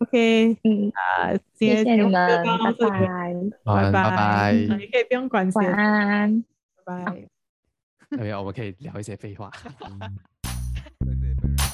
O.K. 啊，嗯呃，謝謝你，再見，拜拜，拜，拜，拜，拜，哦，你可以不用管事，拜拜，要不要我們可以聊一些廢話？